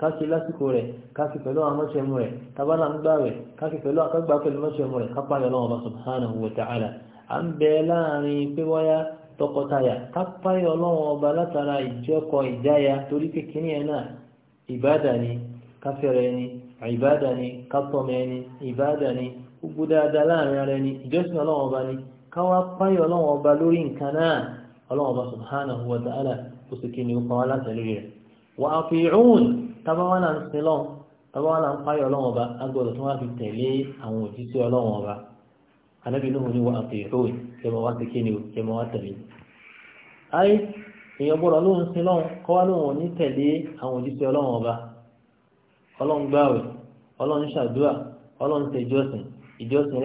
káṣe lásìkò rẹ̀ káṣe pẹ̀lú àwọn mọ́ṣẹ́mú rẹ̀ tábàlà ń gbà rẹ̀ káṣe pẹ̀lú àkágbà pẹ̀lú mọ́ṣẹ́mú rẹ̀ kápá yọ lọ́wọ́ subhanahu wa ta'ala à ń bẹ láàrin pé wáyá tọkọtaya kápá yọ lọ́wọ́ ọba látara ìjọkọ ìjáya torí kékeré ẹ̀ náà ìbádà ni káfẹ́rẹ́ ni ìbádà ni kátọ́mẹ́ ìbádà ni gbogbo dáadáa láàrin ara ẹni ìjọsìn ọlọ́wọ́ ọba ni káwá Wa-afi fi ìrún tábàwá là ń sin lọ tábàwá là ń fáyọ fi tele àwọn òjíṣẹ́ ọlọ́wọ́n ọba anábì Nuhu ni fi ìrún kẹmọ wá sí kíni o kẹmọ wá tẹ̀lé. ayé èèyàn gbọ́dọ̀ ló ń sin lọ kọ́ wá lóun ò ní tẹ̀lé àwọn òjíṣẹ́ ọlọ́wọ́n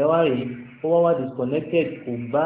ọba disconnected ko ba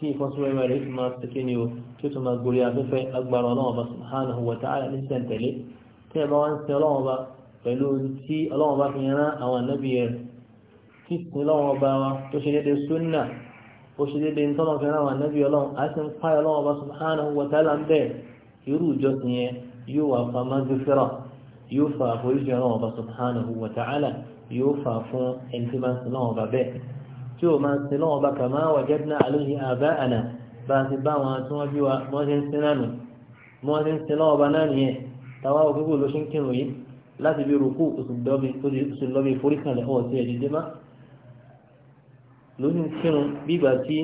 tí ìfọ́síwẹ́wẹ́ rẹ̀ fi máa tẹ́kẹ́ ni o tí ó tún máa gorí afẹ́fẹ́ agbára ọlọ́wọ́ bá subhanahu wa ta'ala ní sẹ́ǹtẹ̀lé tí ẹ bá wá ń sin ọlọ́wọ́ bá pẹ̀lú tí ọlọ́wọ́ bá fi rán àwọn ànábì rẹ̀ tí sin ọlọ́wọ́ bá wa tó ṣe déédéé súnà ó ṣe déédéé ń tọ́lọ̀ fi rán àwọn ànábì ọlọ́wọ́ á sì ń pa ọlọ́wọ́ bá subhanahu wa ta'ala ń bẹ̀ irú ìjọsìn yẹn yóò wà fa magfira yóò fa àforíjì ọlọ́wọ́ bá subhanahu wa ta'ala yóò fà fún ẹni tí máa ń sin ọlọ́wọ́ bá bẹ́ẹ̀ tí ó máa sin lọ́wọ́ bá kàmá wajadna alayhi aba'ana bá ti bá wọn tí wọ́n bí wa wọ́n ti ń sin náà nù wọ́n ti ń sin lọ́wọ́ bá náà nìyẹn tàwa òkúkú ló ṣe ń kírun yìí láti bí rúkú òsùlọ́bí foríkànlẹ̀ ọ̀ sí ẹ̀dídé má ló ń kírun bígbà tí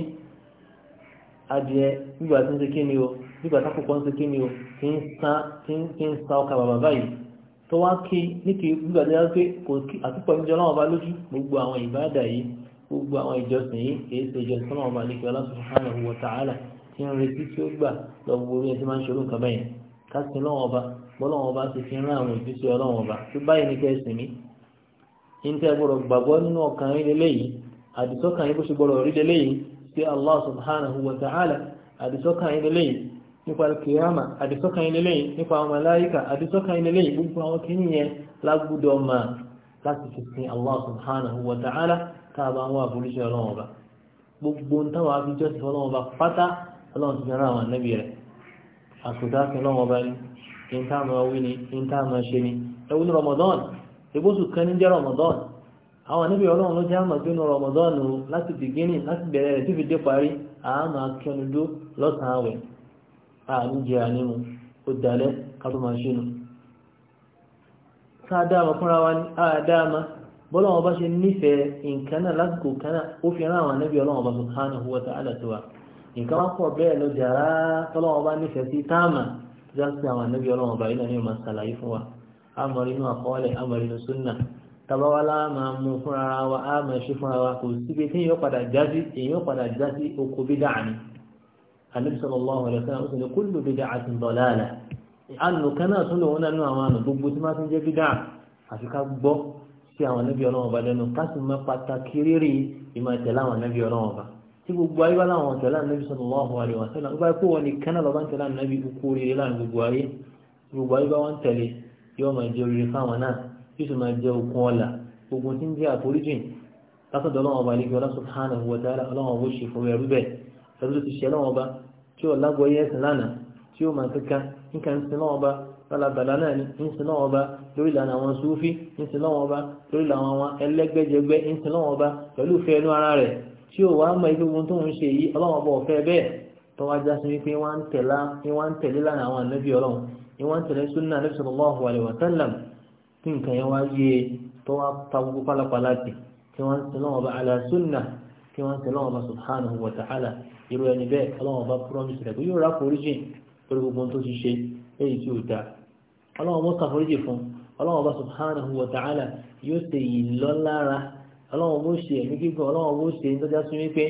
adìẹ bígbà tí ń ṣe kíni o bígbà tákùkọ ń ṣe kíni o ti ń sa ọkà bàbá báyìí tó wá kí ní kí bígbà tí wọ́n pé àtúpọ̀ níjọ́ náà wọ́n lójú gbogbo àwọn ìbáàdà yìí gbogbo àwọn ìjọsìn yìí kìí ṣe ìjọsìn tó náà wà ní kí Allah subhanahu wa ta'ala tí ń retí tí ó gbà lọ gbogbo bí ẹ ti máa ń ṣerú nǹkan bẹ́yẹn kásìn lọ́wọ́ ọba bọ́lọ́wọ́ ọba ti fi rán àwọn ìjísí ọlọ́wọ́ ọba tó báyìí ní kẹ́sìn mi níta gbọ́dọ̀ gbàgbọ́ nínú ọkàn rí lélẹ́yìí àdìsọ́kàn yìí bó ṣe gbọ́dọ̀ rí lélẹ́yìí sí táà bá ń wá gbogbo ń táwọn afijọ́ sí ọlọ́run ọba pátá ọlọ́run ti fẹ́ràn àwọn ànábì rẹ̀ àkùdá sí ọlọ́run ní ìntà wí ní ìntà ṣe ní ẹwú ní Ramadan ìgbóṣù kan ní jẹ́ Ramadan àwọn ló jẹ́ láti bìgínì láti bẹ̀rẹ̀ rẹ̀ fi dé parí bọ́lọ́wọ́ bá ṣe nífẹ̀ẹ́ nǹkan náà lásìkò kan náà ó fi rán àwọn anábì ọlọ́wọ́ bá subhanahu wa ta'ala tiwa nǹkan wá pọ̀ bẹ́ẹ̀ lọ jàrá tọ́lọ́wọ́ bá nífẹ̀ẹ́ sí táàmà jásí àwọn anábì ọlọ́wọ́ bá iná ní ìmọ̀ sàlàyé fún wa amọ̀rínú àkọọ́lẹ̀ amọ̀rínú súnà tabawala máa mú fúnra wa á máa ṣe fúnra wa kò síbi tí yóò padà jásí èyí padà jásí oko bídàá ni anábì sallallahu alaihi wasallam àwọn àánú sí àwọn anábì ọlọ́wọ́n ọba lẹ́nu ká sì mọ pàtàkì rírì ìmọ̀ ìtẹ̀lé àwọn anábì ọlọ́wọ́n ọba tí gbogbo ayé wá láwọn ọ̀tẹ̀lá anábì sallallahu alaihi wasallam ó bá kó wọn nìkan náà lọ́ba ń tẹ̀lé anábì kú oríire láàrin gbogbo ayé gbogbo ayé bá wọn tẹ̀lé yóò máa jẹ oríire fáwọn náà yóò sì máa jẹ okun ọ̀la gbogbo tí ń jẹ́ àforíjìn látọ̀dọ̀ ọlọ́wọ́n balabala náà ni ń sin lọ́wọ́ ọba lórí ìlànà àwọn sufi ń sin lọ́wọ́ ọba lórí ìlànà àwọn ẹlẹ́gbẹ́jẹgbẹ́ ń sin lọ́wọ́ ọba pẹ̀lú ìfẹ́ ẹnu ara rẹ̀ tí ó wàá mọ ibi ohun tó ń ṣe yìí ọlọ́wọ́ ọba ọ̀fẹ́ bẹ́ẹ̀ tó wá já sí wípé wọ́n ń tẹ̀lé lánà àwọn ànábì ọlọ́run ni wọ́n ń tẹ̀lé súnà ànábì sallallahu alaihi wa sallam tí nǹkan yẹn wá yé e, tó wá pa gbogbo pálapàla tì tí wọ́n ń sin lọ́wọ́ ọba ala súnà tí wọ́n ń sin lọ́wọ́ ọba subhanahu wa ta'ala irú ẹni bẹ́ẹ̀ ọlọ́wọ́ ọba promise rẹ̀ pé yóò rà ọlọ́wọ́n bó ṣàforíjì fún ọlọ́wọ́n bá subhanahu wa ta'ala yóò ṣe ìlọ́lára ọlọ́wọ́n bó ṣe ẹ̀mí gígùn ọlọ́wọ́n bó ṣe tọ́já sí wípé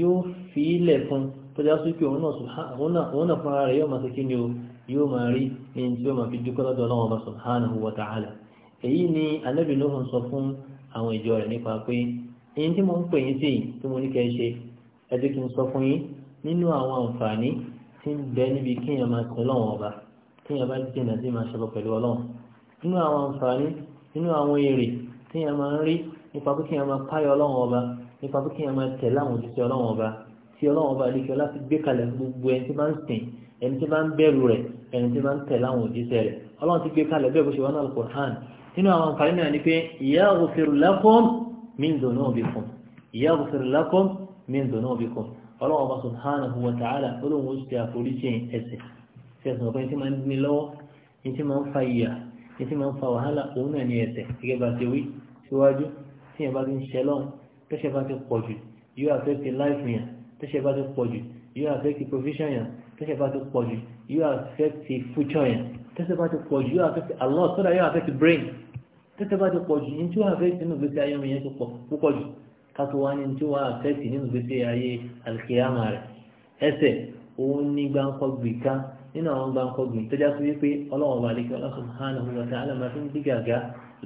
yóò fi ilẹ̀ fún tọ́já sí pé òun náà fúnra rẹ̀ yóò máa ṣe kí ni o yóò máa rí ní tí yóò máa fi dúkọ́ lọ́dọ̀ ọlọ́wọ́n bá subhanahu wa ta'ala èyí ni anábì ló ń sọ fún àwọn ìjọ rẹ̀ nípa pé èyí tí mo ń pè yín sí tí mo ní kẹ́ ṣe ẹ jẹ́ kí n sọ fún yín nínú àwọn àǹfààní tí ń bẹ níbi kíyàn máa sin ọlọ́wọ́n ọba téèyàn bá jìnà sí máa ṣẹbọ pẹ̀lú ọlọ́run nínú àwọn àǹfààní nínú àwọn èrè téèyàn máa ń rí nípa pé kéèyàn máa páyọ ọlọ́run ọba nípa pé kéèyàn máa tẹ̀lé àwọn òṣìṣẹ́ ọlọ́run ọba tí ọlọ́run ọba àlejò láti gbé kalẹ̀ gbogbo ẹni tí bá ń sìn ẹni tí bá ń bẹ̀rù rẹ̀ ẹni tí bá ń tẹ̀lé àwọn òṣìṣẹ́ rẹ̀ ọlọ́run ti gbé kalẹ̀ bẹ́ẹ̀ bó ṣe wà ní alukur'an nínú àwọn náà ọlọ́run ọba subhanahu wa ta'ala olóhùn ó ṣe àforíṣe ẹ̀ṣẹ̀ tí a sọ pé tí máa ń ní lọ́wọ́ ní tí máa ń fa ìyà ní tí máa ń fa wàhálà òun náà ní ẹ̀ṣẹ̀ gẹ́gẹ́ bá ti wí síwájú tí yẹn bá ti ń ṣẹ lọ́run tẹ́ṣẹ̀ bá ti pọ̀ jù yóò affect life yẹn tẹ́ṣẹ̀ bá ti pọ̀ jù yóò affect provision yẹn tẹ́ṣẹ̀ bá ti pọ̀ jù yóò affect future yẹn tẹ́ṣẹ̀ bá ti pọ̀ jù yóò affect Allah sọ́dà yóò affect brain tẹ́ṣẹ̀ bá ti pọ̀ jù ní tí wọ́n affect nínú gbèsè ayé ọmọ yẹn ti pọ̀ púpọ̀ jù kátó wá ní tí wọ́n affect nínú gbèsè ayé alkiyama rẹ̀ ẹ̀ṣẹ̀ òun ní gbáǹkọ́ gbìkan nínú àwọn gbàǹkọ̀gbìn tó já sí wípé ọlọ́wọ́n bá lékè ọlọ́sọ subhanahu wa ta'ala máa fi ń dí gàgá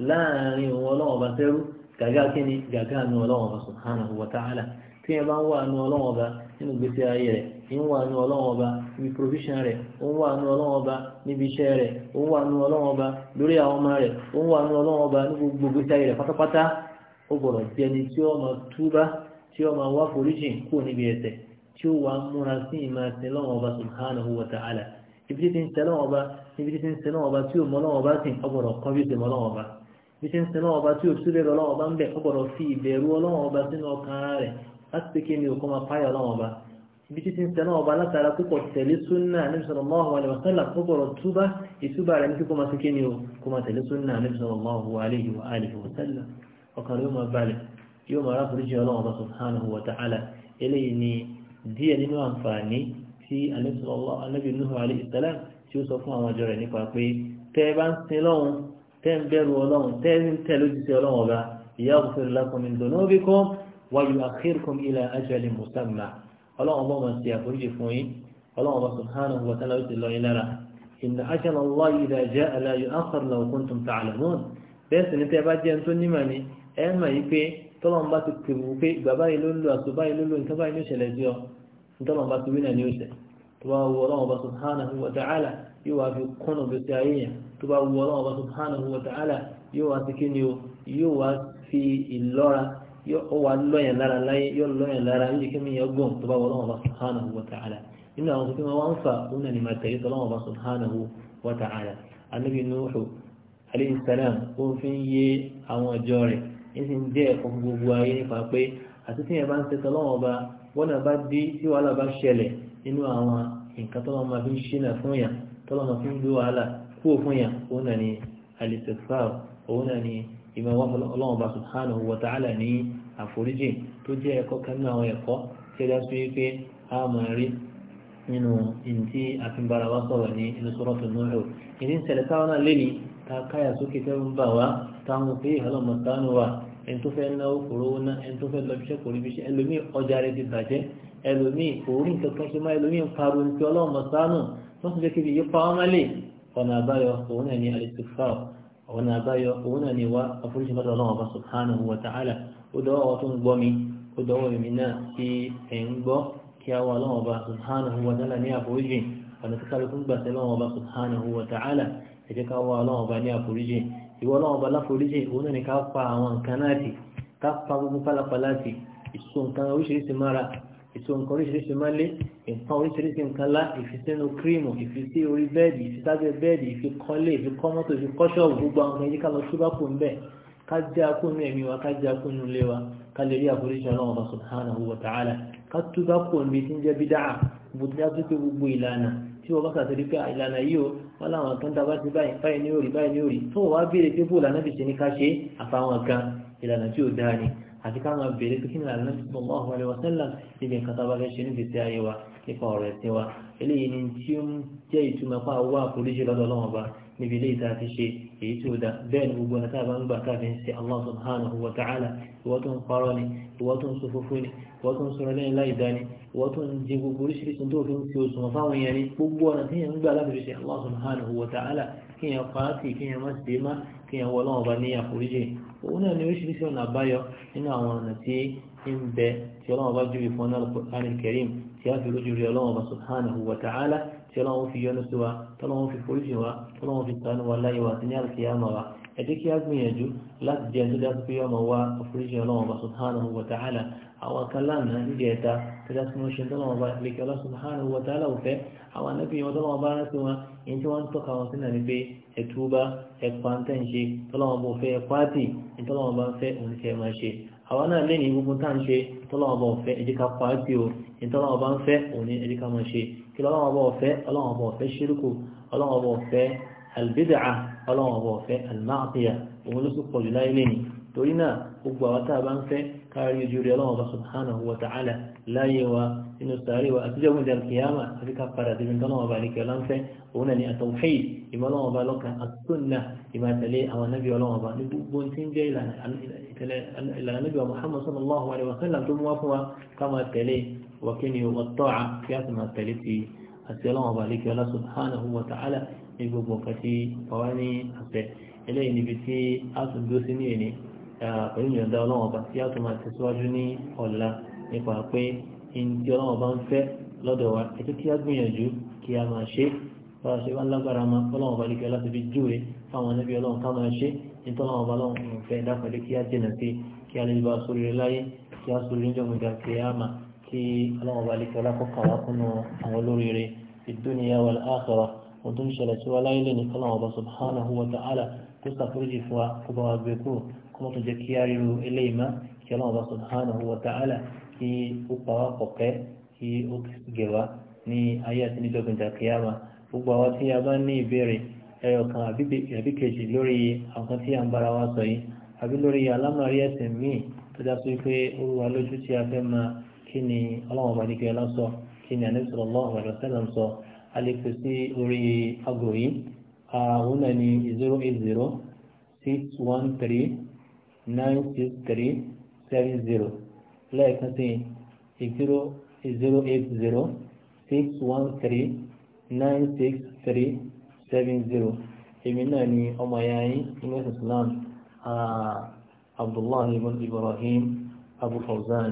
láàrin òun ọlọ́wọ́n bá sẹ́rú gàgá kíni gàgá nu ọlọ́wọ́n bá subhanahu wa ta'ala tí ẹ bá ń wà ibi tí ń sẹ́lọ̀ ọba ibi tí ń sẹ́lọ̀ ọba tí ò mọ́ lọ́wọ́ ọba sìn ọgbọ̀dọ̀ kan bí ó ti mọ́ lọ́wọ́ ọba ibi tí ń sẹ́lọ̀ ọba tí ò sílẹ̀ lọ́wọ́ ọba ń bẹ̀ fi ìbẹ̀rù ọlọ́wọ́ ọba sínú ọkàn rẹ̀ láti pé kí ni òkú máa páyà ọlọ́wọ́ ọba ibi tí ń sẹ́lọ̀ ọba látara púpọ̀ tẹ̀lé sallallahu alaihi wasallam ọgbọ̀dọ̀ túbá ìtúbà rẹ̀ ní kíkọ́ máa o kó máa tẹ̀lé súnà sallallahu alaihi wa alihi wasallam ọkàn rẹ̀ yóò máa balẹ̀ yóò máa ráforíjì ọlọ́wọ́ ọba subhanahu wa ta'ala eléyìí ni díẹ̀ nínú àǹfààní tí anábì nuhu alayhi salam tí ó sọ fún àwọn ọjọ́ rẹ̀ nípa pé tẹ́ ẹ bá ń sin lọ́hùn tẹ́ ń bẹ̀rù ọlọ́hùn tẹ́ ń tẹ̀ lójúṣe ọlọ́hùn ọba yaghfir lakum min dunubikum wa yu'akhkhirukum ila ajalin musamma ọlọ́hùn ọba máa ṣe àforíjì fún yín ọlọ́hùn ọba subhanahu wa ta'ala ó ti lọ yín lára inna ajala Allahi idha ja'a la bá ti kìrù pé ìgbà ló ń lo àtò ló ń lo nǹkan ló ṣẹlẹ̀ sí nítorí ọba tó wí náà ní ọ̀sẹ̀ tó bá wọ ọlọ́run ọba subhanahu wa ta'ala yóò wá fi kúnnà gbèsè ayé yẹn tó bá wọ ọlọ́run ọba subhanahu wa ta'ala yóò wá sí kíni o yóò wá fi ìlọ́ra yóò wá lọ́yàn lára láyé yóò lọ́yàn lára yóò jẹ́ kí mi yẹ gùn tó bá wọ ọlọ́run ọba subhanahu wa ta'ala nínú àwọn tó fi ń fà òun náà ni màá tẹ̀lé tọ́lọ́run ọba subhanahu wa ta'ala anabi nuhu alayhi salam ó yé àwọn ọjọ́ rẹ̀ ń sì ń gbogbo ayé nípa pé àti tí yẹn bá ń ṣe tọ́lọ́run ọba wọ́n bá dé tí wàhálà bá ṣẹlẹ̀ nínú àwọn nǹkan tọ́lọ́ máa fi ń ṣínà fún yàn tọ́lọ́ máa fi ń gbé wàhálà kúrò fún yàn òun náà ni alistighfar òun náà ni ìmọ̀ wà ọlọ́run bá subhanahu wa ta'ala ní àforíjì tó jẹ́ ẹ̀kọ́ kan nínú àwọn ẹ̀kọ́ tí ẹ̀dá sí wípé a máa rí nínú ìntí àfihàn wa sọ̀rọ̀ ní inú suratu Nuh ìdí ń ṣẹlẹ̀ táwọn náà lé ní ta káyà sókè tẹ́rù ẹni tó fẹ́ náwó kò rówó ná ẹni tó fẹ́ lọ́bíṣẹ́ kò rí bíṣẹ́ ẹlòmíì ọjà rẹ̀ ti bàjẹ́ ẹlòmíì kò rí nǹkan kan ṣe má ẹlòmíì ń parun ti ọlọ́mọ sánù wọ́n ti jẹ́ kí ibi pa ọmọ lè ọ̀nà àbáyọ òun náà ní alistighfar ọ̀nà àbáyọ òun náà ní wá àforíṣi mọ́tò ọlọ́mọ bá subhanahu wa ó dọ́wọ́ ọ tó gbọ́ mi ó dọ́wọ́ èmi náà tí ẹ̀ ń gbọ́ kí a wà ọlọ́mọ bá subhanahu ní àforíṣi ọ̀nà tí kálukú gbàtẹ́ ọlọ́mọ bá subhanahu wa ta'ala ẹ jẹ́ ní àforíṣi ìwọ náà ọba láforíjì òun náà ni ká pa àwọn nǹkan náà tì ká pa gbogbo pálapàla tì ìsọ nǹkan oríṣiríṣi mára ìsọ nǹkan oríṣiríṣi málé nǹkan oríṣiríṣi nǹkan lá ìfisẹ́nu kírímù ìfisí orí bẹ́ẹ̀dì ìfisábẹ́ bẹ́ẹ̀dì ìfikọ́lé ìfikọ́mọ́tò ìfikọ́ṣọ́ọ̀bù gbogbo àwọn ẹ̀yí ká lọ ṣúbákù ń bẹ̀ ká jẹ́ akúnú ẹ̀mí wa ká jẹ́ akúnú ilé wa ká lè rí àforíjì ọlọ́run ọba subhanahu wa tí wọ́n bá kà sórí pé ah, ìlànà yìí o wọ́n láwọn kan dábàá ti báyìí báyìí ní òrì báyìí ní òrì tó wàá béèrè pé bóòlù ànábì ṣe ní ká ṣe àfàwọn kan ìlànà tí ò dáa ni àti ká máa béèrè pé kí ni ànábì sallallahu alaihi wasallam níbi nǹkan tá bá fẹ́ ṣe níbi tí ayé wa nípa ọ̀rọ̀ ẹ̀sìn wa eléyìí ni tí ó ń jẹ́ ìtumọ̀ pa owó àforíṣe lọ́dọ̀ ọlọ́wọ́n níbi ilé ìta ti ṣe èyí tí ó dá bẹ́ẹ̀ ni gbogbo ọ̀nà tá a bá ń gbà tá a fi ń ṣe Allah subhanahu wa ta'ala ìwọ tó ń parọ́ ni ìwọ tó ń sọ fúnfún ni ìwọ tó ń sọ̀rọ̀ lẹ́yìn láì dá ni ìwọ tó ń jẹ gbogbo oríṣiríṣi tó fi ń ṣe oṣù wọn fáwọn èèyàn ni gbogbo ọ̀nà tí yẹn ń gbà láti fi ṣe Allah subhanahu wa ta'ala kí yẹn pàátì kí yẹn má ṣe má kí yẹn wọ lọ́wọ́ bá ní àforíjì òun náà ni oríṣiríṣi ọ̀nà àbáyọ nínú àwọn ọ̀nà tí ń bẹ tí ọlọ́wọ́ bá júwe fún náà al tí ọlọ́run fi yọ́nú sí wa tọ́lọ́run fi foríjì wa tọ́lọ́run fi tánú wa láyé wa àti ní àlùkìyàmà wa ẹ jẹ́ kí a gbìyànjú láti jẹ́ ẹni tó dá sí pé ọmọ wa foríjì ọlọ́run ọba subhanahu wa ta'ala àwọn kan lánàá níbi ẹ̀ta tó dá sí wọn ṣe tọ́lọ́run ọba lèkẹ́ ọlọ́ subhanahu wa ta'ala òfẹ́ àwọn anábì wọn tọ́lọ́run ọba rántí wọn èyí tí wọ́n ń tọ́ka wọn sínú ni pé ẹ̀túbá ẹ̀pà ń tẹ̀ǹṣe tọ́lọ́run ọba ní tọ́lọ́run ọba fẹ́ òun kẹ́ máa ṣe àwọn náà lé gbogbo tá à ń ṣe tọ́lọ́run ọba òfẹ́ ẹ̀jẹ̀ ká o ní tọ́lọ́run ọba fẹ́ òun ní máa ṣe kí lọ́wọ́ bọ̀ ọ̀fẹ́ ọlọ́wọ́ bọ̀ ọ̀fẹ́ ṣírùkù ọlọ́wọ́ bọ̀ ọ̀fẹ́ albid'a ọlọ́wọ́ bọ̀ ọ̀fẹ́ alma'atiya òun ló sì pọ̀ jù láyé lẹ́yìn torí náà gbogbo àwọn tá a bá ń fẹ́ kárí ojú rẹ̀ ọlọ́wọ́ bá subhanahu wa ta'ala láyé wa inú sàárè wa àtijọ́ ìwé ìdàlùkìyàmà àti ká padà débi nǹkan náà wà ní kẹlá ń fẹ́ òun náà ni وكني والطاعة في أثناء التالتي السلام عليك الله سبحانه وتعالى يقول وكتي فواني أسه إليه نبتي أصل دوسني يعني pẹ̀lú ìyọ̀ǹda ọlọ́run ọba tí a tó máa tẹ̀síwájú ní ọ̀la nípa pé in tí ọlọ́run ọba ń fẹ́ wa ètò kí a gbìyànjú kí a máa ṣe bá a ma ọlọ́run ọba nìkan láti fi júwe fáwọn ẹbí ọlọ́run ká máa ṣe ní tọ́lọ́run ọba lọ́run fẹ́ dápẹ́lẹ́ kí a jìnà sí kí a lè bá kí ọlọ́run bá lè fi ọlákọ̀ọ́kàn wá kúnnú àwọn olóríire ìdúnìyà wà láàkọ̀ọ́ wọn tó ń ṣẹlẹ̀ tí wọ́n láyé lẹ́nu kọ́lọ́run ọba subhanahu wa ta'ala tó ṣàforíjì fún wa kó bá wa gbé kú kó má tó jẹ́ kí ariwo eléyìí má kí ọlọ́run ọba subhanahu wa ta'ala kí ó pa wá kọ̀kẹ́ kí ó gẹ̀wá ayé àti níjọ́gbìn dàkíyàmá gbogbo àwọn tí a bá ní ìbéèrè ẹyọ kan àbí kejì lórí àwọn tí a ń bára wa sọ yìí àbí lórí alámọ̀rí ẹ̀sìn míì tó dá sí pé ó wà lójú tí a fẹ́ máa kí ni ọlọ́wọ́n bá dìgbẹ́ lọ́sọ kí ni ànábì sallallahu alaihi wasallam sọ alẹ́kùn sí orí agò yìí àwọn náà ni zero eight zero six one three nine six three seven zero lẹ́ẹ̀kan sí zero zero eight zero six one three nine six three seven zero èmi náà ni ọmọ ya yín nínú islam abdullahi ibn ibrahim abu fawzan.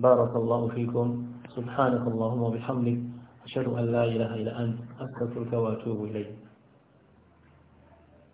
بارك الله فيكم سبحانك اللهم وبحمدك أشهد أن لا إله إلا أنت أستغفرك وأتوب إليك